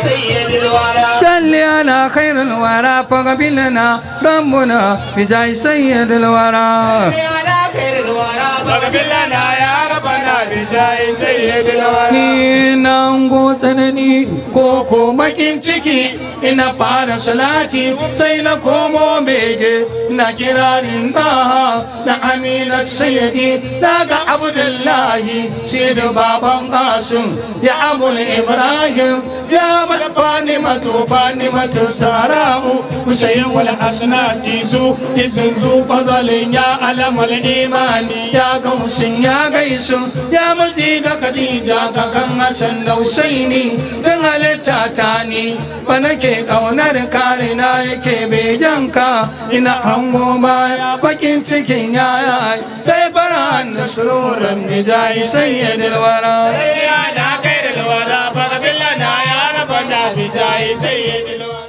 صل على خير الورى فاغفر لنا ربنا بجاه سيد الورى Ni nan go tsanani ko ko makin ciki ina fara salati sai na komo bege na kirarin da na aminat sayyidi daga abdullahi shi da baban kasim ya abul ibrahim yaman fani mato fani mato saramu kusayin wani asina tisu isin zu ya alamal imani ya gausin ya gaisu ya mulki ga kadija ga kan asan lausai ni don halitta ta ni ba nake kaunar kare na yake bejanka ina an goma bakin cikin yaya sai fara an nasururan mijayi sai ya dilwara. I jaay sayyidil